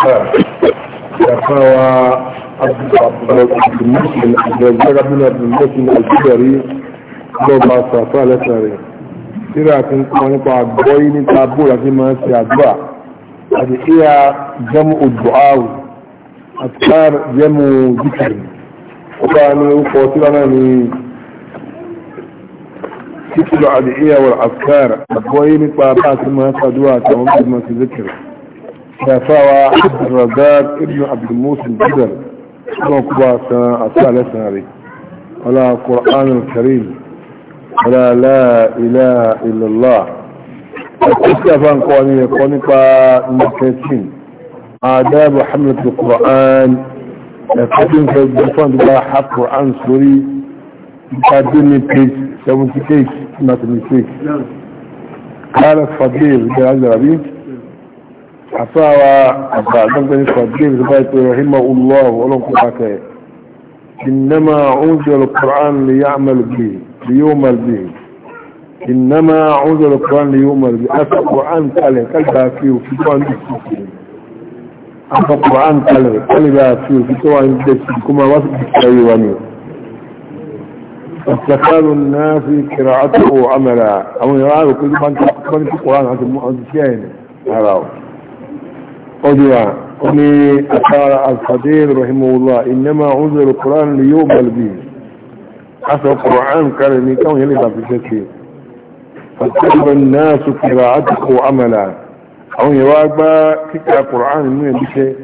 يقوى عبد المسلم عبد الزاق بن عبد المسلم الجبري لو ما صافى لسري سيرا كنت مانقى عبوين تابورا كما سيادوا هذه هي جمع الدعاء أذكار جمع ذكر وكانوا قوتلنا من ذكر الأدعية والأذكار عبوين تابورا كما سيادوا كما سيذكر فهو عبد الرزاق ابن عبد الموسى البدر ونقبع سنة أسالة سنة ولا قرآن الكريم ولا لا إله إلا الله أتكفى قوانين قوانيقا مكتين آداب حملة القرآن لكن في الدفن حق قرآن سوري مقدمي بيج 78 ما تنسيك نعم. قالت فضيل بن عبد عطاوى عطاوى قدير رحمه الله ولم قبعك إنما أنزل القرآن ليعمل به ليعمل به إنما أنزل القرآن ليعمل به أتى القرآن تالي قلبها فيه في طوان بسيطين أتى القرآن تالي قلبها فيه في طوان بسيطين كما وصف بسيطيني اتخذوا الناس كراعته عملا أو يرعاه كل من تقرأ القرآن عن الشيء هذا قضية أني أثار الفضيل رحمه الله إنما عذر القرآن ليوم به حسب القرآن كان نكون يلقى في شكل فاتجب الناس قراءته عملا أو يواقب كتاب القرآن من بشيء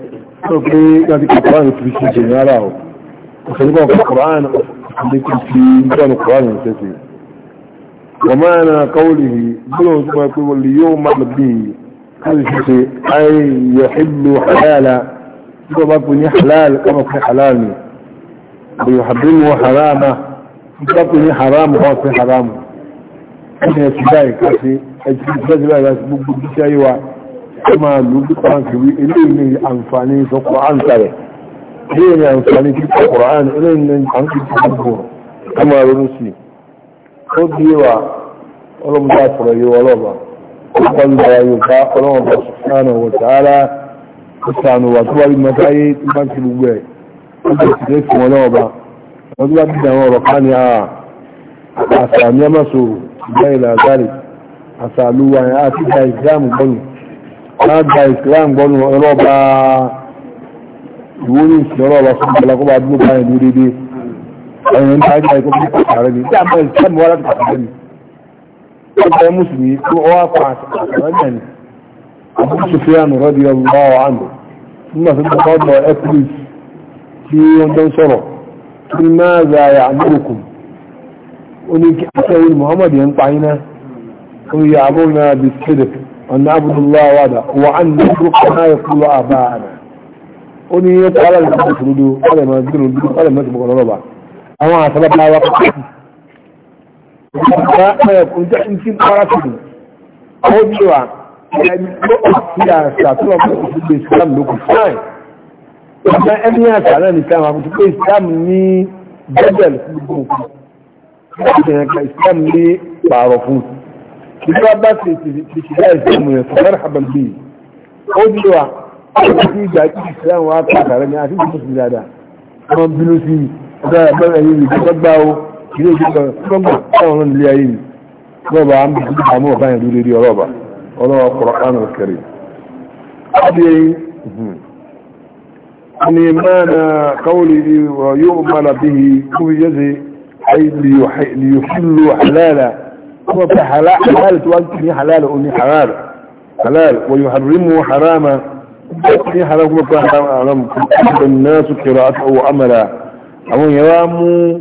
فكي كان القرآن في شكل يراه وخلقوا في القرآن لكن في كان القرآن في شكل ومعنى قوله بلو ثم يقول ليوم به ṣe ayyọ̀ ìlú halala tó bá kú ní halal kama kú halal ni ayyọ̀ habimu harama tó bá kú ní haramu kama kú haramu ẹni ẹ̀sì báyìí káfí ẹ̀sì báyìí báyìí láti gbogbo iṣẹ́ ayé wa tó máa lù bí kan fi wí eléyìí ni àǹfààní sọ Kùránì sàrẹ̀ eléyìí ni àǹfààní وقال لا يقاق الله سبحانه وتعالى ìsànù wà tó wà ní mọ́sáyé tí bá ti gbogbo ẹ̀ ọjọ́ ìṣẹ́ fún wọn náà bá wọ́n tó bá ti dáwọn ọ̀rọ̀ ká ní àṣàmì àmàṣòrò ìgbà ilẹ̀ àgbàrí àṣàlúwà àti gba islam gbọ́nù láàgbà islam gbọ́nù ọlọ́ba ìwó ní ìṣẹ́ ọlọ́ba fún ìgbàlákọ́bà dúró báyìí lórí dé مسلم الله رضي عنه في ko musulmi ko wafa radiyallahu anhu kuma قل يا أبونا بالصدق أن عبد الله وعدا وعن نبرك ما يقول أباءنا قل يا أبونا بالصدق قال ما تقول قال ما تقول ربا أما أصلا بلا وقت ǹtí pàràtìlì ó díwà ẹni tó ọ̀tí àṣà tó lọ́pọ̀ ìṣẹ́gbẹ̀ islam lókù fáìn ọ̀tá ẹni àṣà náà nìkan àwọn tó pé islam ní bẹ́bẹ̀lì fún gbogbo ìṣẹ̀yẹ̀kà islam ní pààrọ̀ fún ìjọba bá ti ti ṣìdá islam rẹ̀ fọ́nrán haban bíi ó díwà ọ̀tí ìgbà tí islam wà pàtàkì ní àti ìṣẹ́gbẹ̀ dáadáa wọ́n bínú sí ọ̀dọ́ ẹ̀bọ́n ẹ̀yìn ìgbà ilé ìjọba gbọ́gbà ọ̀rọ̀ ilé ayé ni rọ́bà á ń bí àmú ọ̀gá yẹn lórí ọlọ́bà ọlọ́wọ́ kọ̀rọ̀ ánà kẹrì ni mana kawuli yóò mara bí i kú yẹ́sẹ̀ ayé liyòfílò halala kuma ta halala tó wá ní halala oní halal halal wa yóò harimu harama ní haram kuma ta haram kuma ta nasu kira a ta'o amala àwọn yawa mú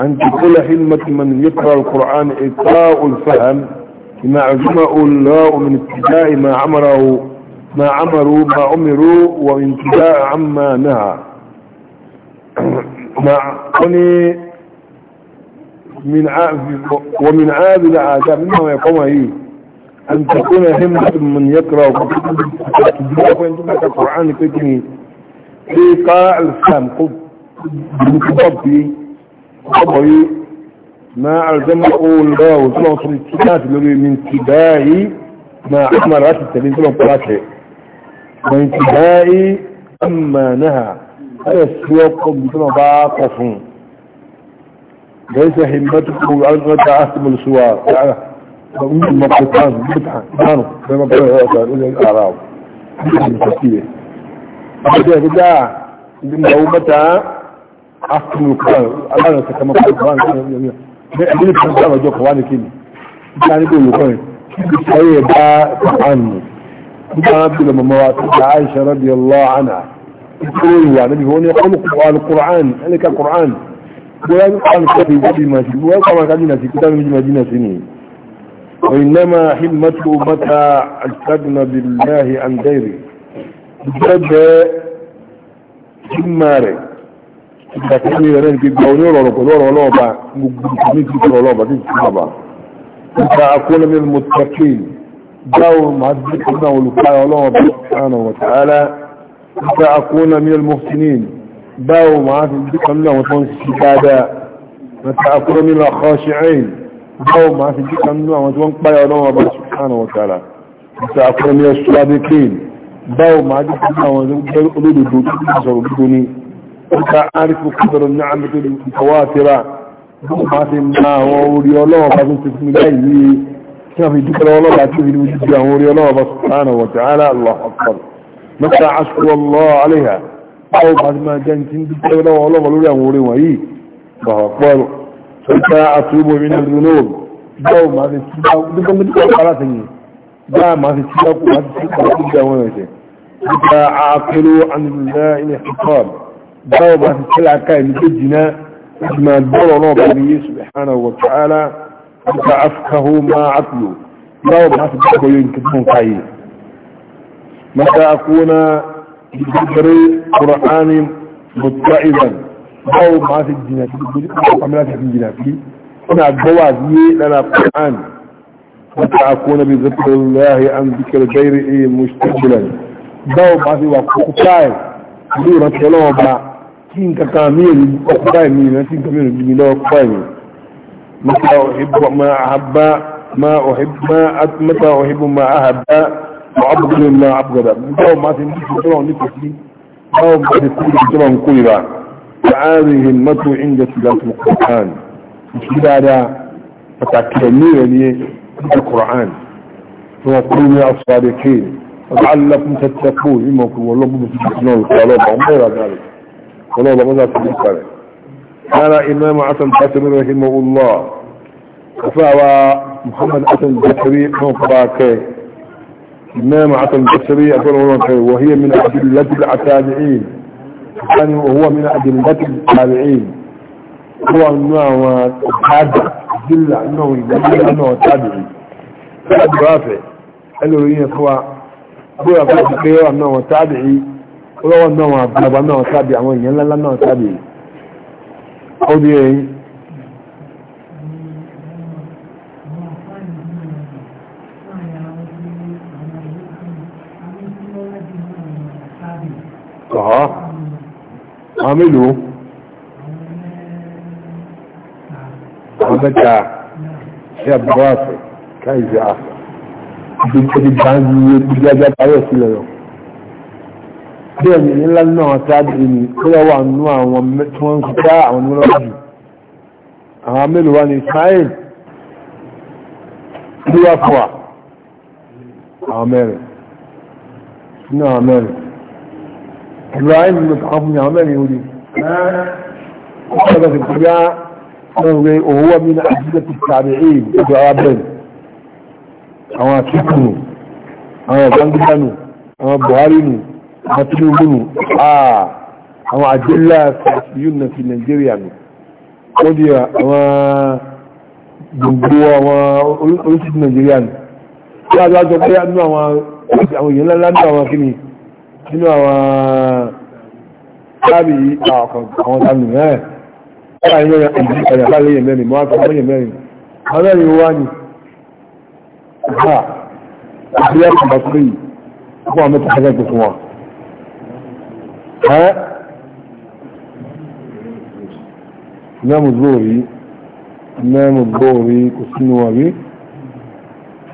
أن تقول حلمة من يقرأ القرآن إطاء الفهم بما عزم الله من اتجاه ما عمره ما عمروا ما أمروا وانتهاء عما نهى مع قني من ومن عاد العادة مما يقوم هي أن تكون همة من يقرأ القرآن كتني في قاع الفهم قد بمتضبي قضي ما ألزمه الله وسلم في الكتاب الذي من تباع ما أحمر رأس التبين سلم قلاته من تباع أما نهى هذا السوق بسم باقف ليس همتك على أن تعاسم السوار تعالى يعني فأمي المقصان بمتحن مانو بما بلغة أسان إلي الأعراض بمتحن الفكية أبدا يقول لا لما هو متى أحكم القرآن أنا كما قال القرآن ليه كان قرآن جو قرآن كيني يعني بيقول القرآن بسعيه باء عنه باب لما موات عائشة رضي الله عنها يقول يا نبي هو يقول القرآن القرآن لك القرآن ولا القرآن كتب جدي ما شيء ولا كما قال لنا في كتاب من مدينة سنين وإنما حمته متى استغنى بالله عن غيره بجد حماره ìgbà tí wọ́n yẹrẹ níbi gbọ́ ní ọ̀rọ̀ pẹ̀lú ọ̀rọ̀ ọlọ́ọ̀bà gbogbo ìtàmì ti sọ̀rọ̀ ọlọ́ọ̀bà tí ìtàmì ọba nípa akólẹ́mí mọ̀tẹ́kìn báwo máa dé pẹ̀lú àwọn olùkọ́ ọlọ́ọ̀bà sánà wọ̀tàálá nípa akólẹ́mí mọ̀tẹ́kìn báwo máa dé pẹ̀lú àwọn tó ń sì dáadáa nípa akólẹ́mí lọ́kọ́ṣẹ́yìn báwo máa dé pẹ̀lú àwọn tó ń páyà ọlọ́ọ̀bà sánà wọ̀tàálá nípa akólẹ́mí ọ̀ṣọ́ báwo máa dé pẹ̀lú àwọn olódodo tó ń sọ̀rọ̀ انت عارف قدر النعم المتواترة بمحاسن ما هو ولي الله فضل بسم الله كيف يذكر الله بعد كيف يوجد ولي الله سبحانه وتعالى الله أكبر متى عشر الله عليها أو بعد ما جانت بسم الله والله ولي ولي ولي الله أكبر فتا أتوب من الذنوب جو ما في تشاو دكم دكم خلاص يعني جاء ما في تشاو ما في تشاو كل جاء وانا شيء فتا عاقلوا عن الله إلى حقاب بابا كل عقائد بدنا ما دورنا بني سبحانه وتعالى فعفكه ما عطلو بابا سبحانه ينكتبون قايل متى أكون بذكر قرآن متقعبا أو ما في الجنات أو عملات في الجنات هنا الجوازي لنا القرآن متى أكون بذكر الله أن ذكر غيره مستقبلا أو ما في وقت قطاع يقول رسول kí n kankan mìíràn ọkùnrin báyìí mìíràn kí n kankan mìíràn jùmí lọ́wọ́ báyìí mata ọ̀hìbọ̀ ma àhábá ma ọ̀hìbọ̀ mata ọ̀hìbọ̀ ma àhábá ma abúgbé ma abúgbàdà báwo ma ti ní ìṣòro ní kò sí báwo ma ti kú ìṣòro ń kórìíra láàrin himmatu inda ti láti mọ̀ kọ̀ọ̀kan ìṣí dáadáa pàtàkì ẹ̀mí rẹ̀ ní القرآن وقوموا الصادقين لعلكم تتقون إما كنوا لكم تتقون القرآن وما إلى ذلك ولا بمضى تبقى قال إمام عسل البصري رحمه الله فهو محمد عسل من مفراكي إمام عسل البصري أقول وهي من أدلة الأتابعين يعني وهو من أدلة التابعين هو أنه تابع أدلة أنه يدل أنه تابعي فأد رافع قال له إيه، هو أبو أبو أنه تابعي ọlọ́wọ́ náà àgbàgbà náà tàbí àwọn èèyàn ńlá náà tàbí ọdí ẹ̀yìn ọ̀họ́ àwọn mélòó àwọn mẹ́ta ṣe àbúrò àfẹ́ káìsì àfẹ́ ìgbẹ́gbẹ́ gbáyé gbígbẹ́gbẹ́ parẹ́ sílẹ̀ rọ̀ bẹ́ẹ̀ ni nílá náà sáàdì ni ó yọ́wà nú àwọn tí wọ́n ń kúta àwọn mọ́lọ́jù àwọn mélòó wá ní Ismail lúwàfọ́wà àwọn mẹ́rin sínú àwọn mẹ́rin Ibrahim ló kàn fún àwọn mẹ́rin orí ó kọ́lọ̀ sí pé bá wọ́n rẹ òun wọ́n àti olóòrùn ah, àwọn àjẹ́lá yúnà fi Nigeria nù ó di àwọn gbogbo àwọn orísìí Nigeria nù tí a lọ́jọ́ pé nínú àwọn èèyàn lọ́lá nínú àwọn kíni nínú àwọn tábì àwọn tábì mẹ́rin ẹ̀rọ ìyẹn ìjìyà lẹ́yìn mẹ́rin mọ́ àtàwọn mẹ́rin mẹ́rin wá ní ọ̀há àti ẹ̀kùn bàtúrì fún àwọn mẹ́ta ẹgbẹ̀gbẹ̀ fún wọn ها إمام الظهري إمام الظهري كسين وابي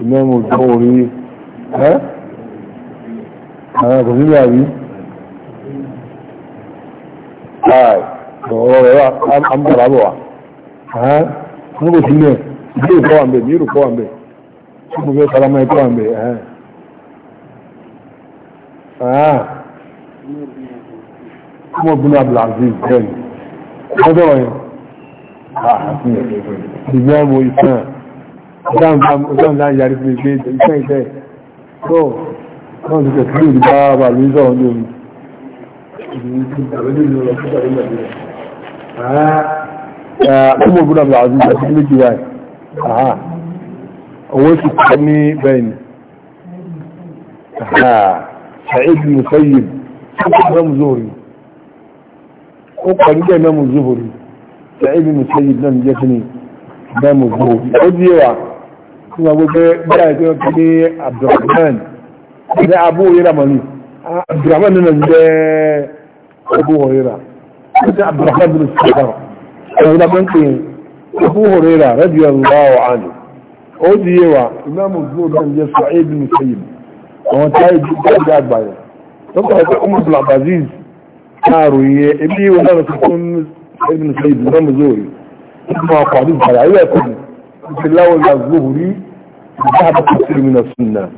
إمام الظهري ها ها كسين وابي هاي أم برابوا ها mo bó sílẹ̀ ìdí ìkọ́ wà mbẹ̀ mìíràn kọ́ wà mbẹ̀ tí mo fẹ́ kalamá ẹ̀kọ́ wà mbẹ̀ ẹ̀ ọmọ bin abdulaziz bẹ́ẹ̀ni ah, ọjọ́ wọ̀nyí ìgbẹ́ ọmọ ìsàn ọjọ́nlá yàrí fún ìgbé ìsàn ìfẹ́ tó náà ti tẹ̀sí ìlú bá bà ní sọ̀rọ̀ ní omi ọmọ ah, bin abdulaziz àti méjì wáyé owó sì kọ́ ní bẹ́ẹ̀ni ó pẹ̀lú bẹ́ẹ̀ mẹ́mù zuhuri ṣe ibi musayi náà jẹ́ sí ni mẹ́mù zuhuri ó di wa tí wọ́n gbogbo bẹ́ẹ̀ tí wọ́n ti ní abdulrahman ní abu oyera mani ah, abdulrahman nínú jẹ́ abu oyera ó ti abdulrahman bin sahara ẹ̀rọ ìlà kan pè abu oyera rẹ́díò lọ́wọ́ àná ó di wa mẹ́mù zuhuri náà jẹ́ sọ ibi musayi àwọn táyé jù bá àgbà yẹn كاروية إبلي ولا تكون ابن سيد الإمام الزهري ما قاعدين على عياتهم في الأول الزهري بعد كثير من السنة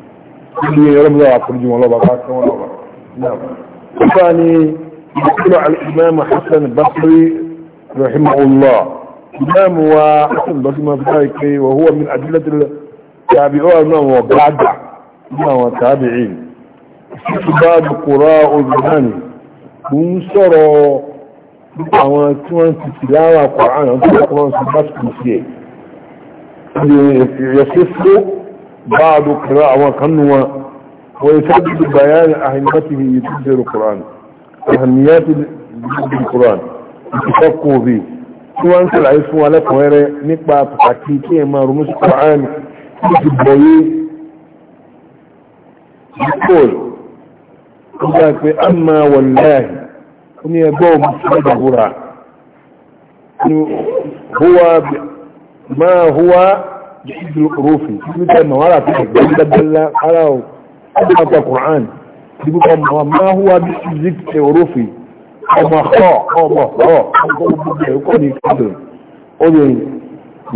اللي يا رب لا أخرجهم الله بقاك ولا بقاك نعم يقول على الإمام حسن البصري رحمه الله إمام وحسن البصري ما في وهو من أدلة التابعون وبعد إمام التابعين استباب قراء الزهاني mò ń sọ̀rọ̀ àwọn tí wọ́n ti ti lára pọ̀ àwọn tí wọ́n ti bá sùn sí ẹ̀ yẹ̀sẹ̀ fún bá a dò kẹrẹ àwọn kan nù wọn wọ́n yẹ sábà ti bayani ahimati yìí tó nígbà pé a máa wọ̀ láì ní ẹgbọ́ ìgbàgbúra máa húwá ìdíjú rúfin títí tẹ́ ma wára fi gbẹ́gbẹ́gbẹ́lá ara ò ọjọ́ kùrán dígbù kan máa húwá bí ìdíjú tẹ́ rúfin ọmọ ọ̀họ́ ọmọ ọ̀họ́ ọmọ gbogbo ẹ̀kọ́ ní ìkọ́dọ̀ obìnrin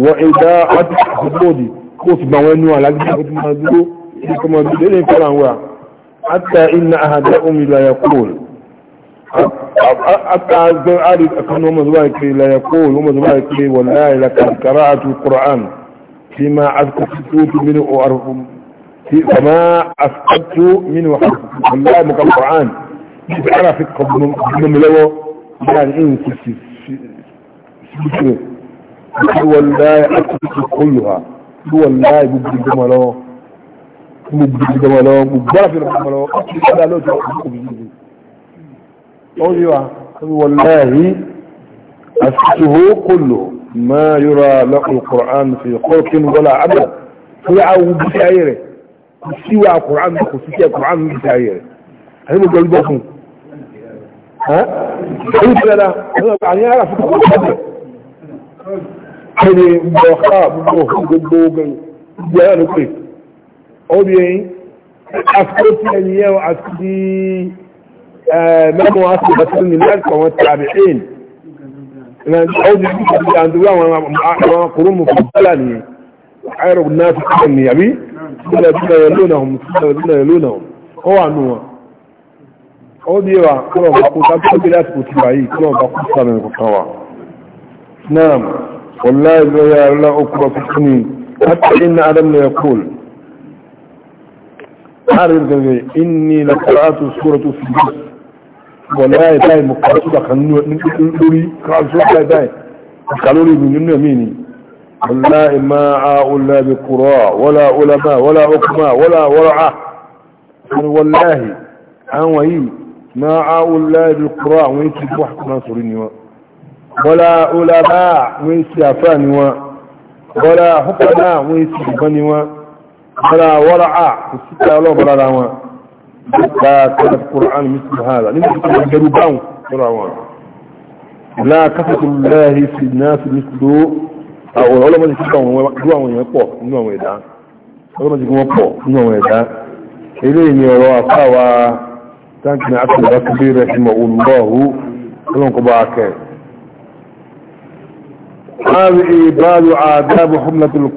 wọ ìdá àti àgbòdì kó sì gbà wọn nú alágbèsè tó máa dúró ní kọmọdé lẹ́yìn kọ́ra wọn حتى إن أحدهم لا يقول حتى أزدر أعرف أكون هم ذلك لا يقول هم لي والله لكن قراءة القرآن فيما أذكر أسكتت منه أعرف فما أفقدت منه حرف الله مك القرآن كيف بتعرف ملوى يعني إن هو الله أسكتت كلها هو الله يبدو ملوه mo gbogbo ọmọ lọ́wọ́ mo gbọ́dọ̀ fi ọmọ lọ́wọ́ ó ti gbọ́dọ̀ lọ́jọ́ òbí yìí ó yí wa wọ́n lẹ́rí àṣìṣòwò kò lò má yọra lọ́kùn kùrán fi kọ́ọ̀kín wọ́lá àbẹ̀ fún àwọn òbí ayé rẹ̀ kò sí wa kùrán kò sí ṣe kùrán ní ìṣe ayé rẹ̀ àyè mo gbọ́dọ̀ fún un ó yí àyè ara fún kókó ọ̀dọ̀ ẹni gbọ̀ọ́ gbogbo gbogbo gbogbo ẹ̀rọ pé obìnrin àsìkò tí ẹni yẹ wọn àti di mẹ́mọ́ àti ìbátan ní láti kọ̀ wọ́n tàbí ẹ̀yìn ọdún tí kò dìde àti wọ́n àwọn kùrùmù fún bọ́là nìyẹn ayọ̀rọ̀ náà ti kọ̀ ní àbí sílẹ̀ sílẹ̀ yẹn lónà hùn sílẹ̀ sílẹ̀ yẹn lónà hùn ó wà nù wọn. ó di wa kúrò bá kú ká tó bílẹ̀ àsìkò tí wà wọ́n láì lọ́yà عارف قال إيه؟ إني لقرأت سورة الفجر ولا يداي مقاصدة خنوري قال سورة يداي قالوا لي من يميني والله ما أولى بقراء ولا علماء ولا حكماء ولا ورعة يعني والله وهي ما أولى بقراء ويسي بوحك ناصرين ولا علماء ويسي أفاني ولا حكماء ويسي أفاني a ma anaaụ nwee eyea ụlụaa arụ ụadaụ ị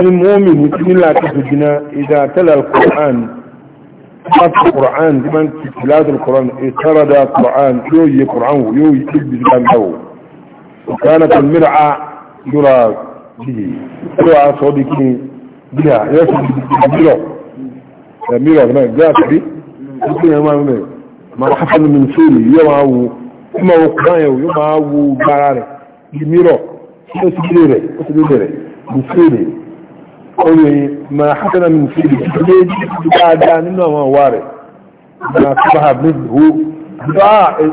المؤمن بسم الله تسجنا إذا تلى القرآن قرأت القرآن لمن تلاوة القرآن اضطرد القرآن يوي قرآن يوي تلبس قرآنه وكانت المرعى يرى به يرى صديقي بها يسجد بميرو ميرو ما جاءت به يقول ما ما حصل من سوري يوم هو يوم هو قرآن يوم هو باراري بميرو يسجد له يسجد له بسوري قولي ما حسن من فيه جديد بعد منه ما وارد ما أصبح منه دعاء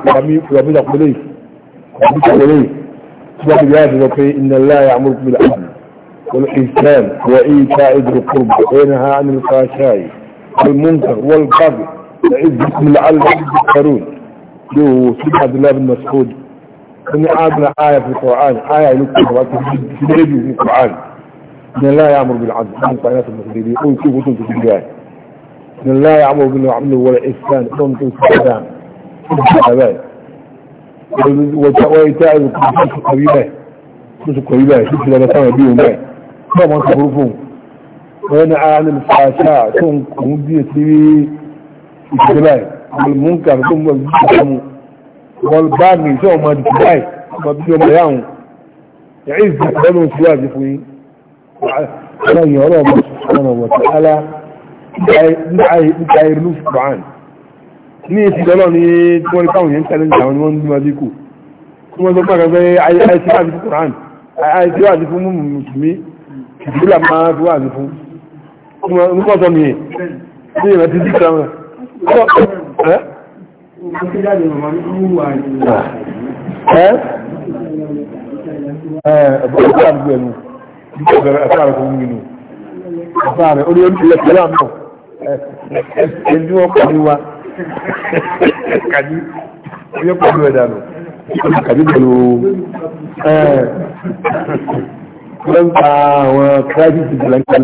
يبدأ قليل يبدأ قليل سبحانه بياته وقي إن الله يعمرك بالعدل والإنسان وإيتاء ذي القربى وينهى عن الفحشاء والمنكر والبغي يعظكم لعلكم تذكرون له سيدنا عبد الله بن مسعود إن أعطنا آية في القرآن آية لكم في القرآن إن الله يعمر بالعدل من قائلات المسلمين أو يكون وطن تتجاه إن الله يأمر بالعدل ولا إحسان أو يكون سعدان وإيتاء القربات القريبات نسوا القريبات شوف لما سمع بيهم معي طبعا وانا وينعى عن الفحشاء تنكم بيتي الجبال والمنكر ثم الجبال والباقي دي الجبال ما بيهم يعيز يعز بنو سلاجفين ọlọ́yìn ọlọ́ọ̀bọ̀ sọ̀rọ̀ wọ̀tàlá níta irú fúrán ní èsì lọ́lọ́ ní tí wọ́n káwọn yẹn tẹ́lẹ̀ ìjàwọn ni wọ́n ń bí wájú kù tí wọ́n tó pàkà pé àìsí wájú fún fúrán àìsí wájú fún mú mùsùlùmí ìdílà máa fi wájú fún nípa ọ̀tọ̀ mi ní ìrìn títí kan nígbàgbẹ̀rẹ̀ àtàrà tó ń gbìnú àtàrà orí orílẹ̀ pẹ̀lú àmọ́ ẹ̀sìn wọn pọ̀ ní wa kàdí oyé pẹ̀lú ẹ̀dà nù kàdí pẹ̀lú ẹ̀ẹ́n pa àwọn kíláàsì ti jìlá nípa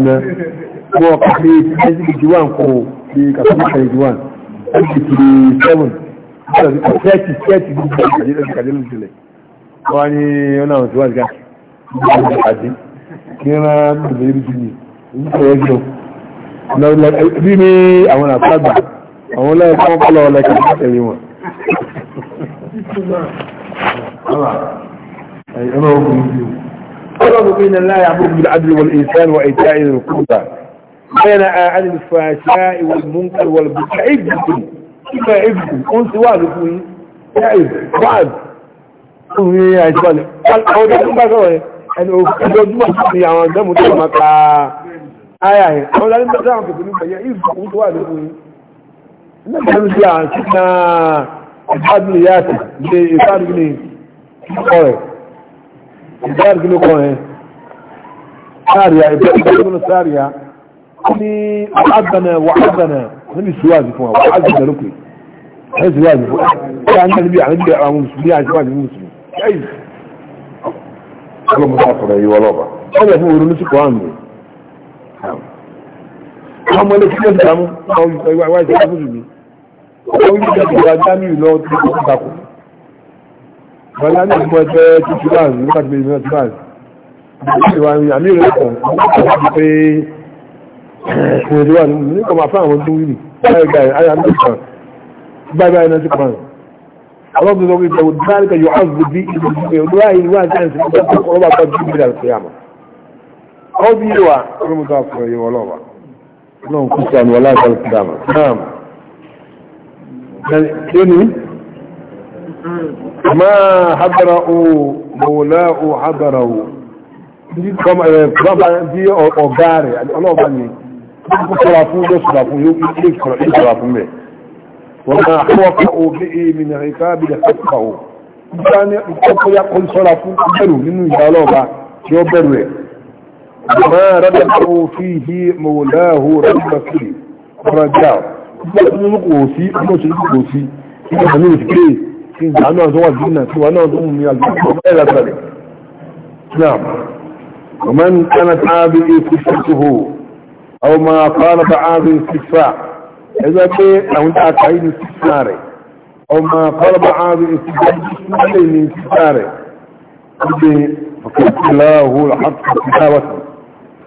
mọ́ ọkọ̀ pé ẹ̀sì kìí wà ń kọ́ pé kàtàkì kàdí wà ẹ̀sì kìí sẹ́wọ̀n kẹ́ẹ̀tì kẹ́ẹ̀tì gbogbo kàdí lọ́sí kàdí wọ́n ní ọ̀nà àwọn tí wọ́n ti ká kíra gbogbo ibi jini ní ọ̀rọ̀ jọ bí ní àwọn àpágbà àwọn lẹ́ẹ̀kọ́ kọ́lọ̀ ọlẹ́kẹ́ ẹ̀rí wọn قالوا بين الله يعبد بالعدل والإنسان وإيتاء ذي القربى وينهى عن الفحشاء والمنكر والبغي عظكم كما عظكم أنت واقفين يا عظ بعد قال أو ده ما سوى ẹni ojoojúmọ̀ ní àwọn ìdẹ́mù tó máa ka ara ẹ̀ àwọn ìdájọ́ tó dáhùn pẹ̀lú ìgbẹ̀yẹ ìfòkún tó wà nínú yìí nígbà tí a ti na ìbádùn ìyá àti ilé ìbádùn ní ọkọ rẹ̀ ìbádùn ní ọkọ rẹ̀ sáàríà ìbádùn ní sáàríà ní àdànà wà àdànà níbi ìṣúwàjì fún wa ọlọ́mọdé àtọ̀rọ̀ yìí ọlọ́ba ọlọ́ba fún orin lóṣù kọ́ọ̀nù rẹ̀ ọmọ ilé kíkẹ́ ìdàmú ìwà ìjọba fún mi ọmọ ilé kíkẹ́ ìjọba jámì lọ tí ó takò bọ́lá ní ìmọ̀ ẹgbẹ́ tuntun báàzì nípa ti bẹ̀rẹ̀ ti báàzì ìwà ìrìn àmì ìrìn kan wọ́n ti pé ìrìn ìwà ní kọ̀ọ̀mà fún àwọn tó wí nì báyìí báyìí náà ti kọ̀ọ̀mà رب يقول ذلك يعذب به لا ينوى جانس يتفق ربا قد من القيامة أو بيوا المتافر يولوبا لهم كسان ولا تلقدامة نعم يعني ما حضروا مولاء حضروا كما ربا دي أغاري الله بني كسرافون يسرافون يسرافون يسرافون وما خوفوا به من عقاب لخفه ìgbàni ìkọ́kọ́ ya kọ́ sọ́ra fún bẹ̀rù nínú ìyálọ́ọ̀bá tí ó bẹ̀rù ẹ̀ ma rádà tó fi hí mọ̀wòláhù rádà sí ọ̀rájá ìgbàni kò sí ọmọ́sí kò sí ìgbàni òsìké kí ìgbàni àwọn إذا أو ما قال بعاضي اتجاه بسمعين من كتاره قلبي فكرت الله العطف كتابته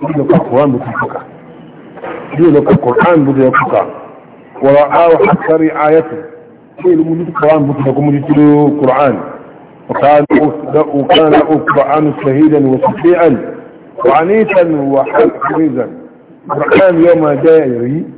قلبك القرآن بكتابك قلبك القرآن بكتابك ورعاه حتى رعايته قلبك من القرآن بكتابك من القرآن وكان وكان القرآن سهيدا وسبيعا وعنيتا وحق قريزا القرآن يوم جاء يريد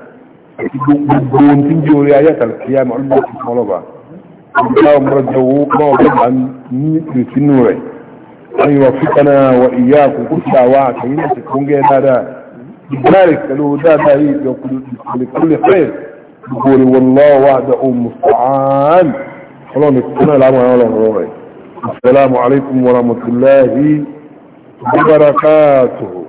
gbogbo ohun tí ń jẹ́ orí ayé àtàlùkí àmì ọlọ́dún ti fún ọlọ́ba ìgbà ọmọdé owó kọ́ ọlọ́ba ní ìrètínú rẹ̀ wọ́n yíwa fíkaná wa ìyá àkókò sí àwa àtẹ̀yìn àti kóńgẹ́ dáadáa ìgbà rẹ̀ pẹ̀lú dáadáa yìí ìjọkùnlé fẹ́ gbogbo rẹ̀ wọ́n lọ́wọ́ wa àdá ohun mùsùlùmán ọlọ́run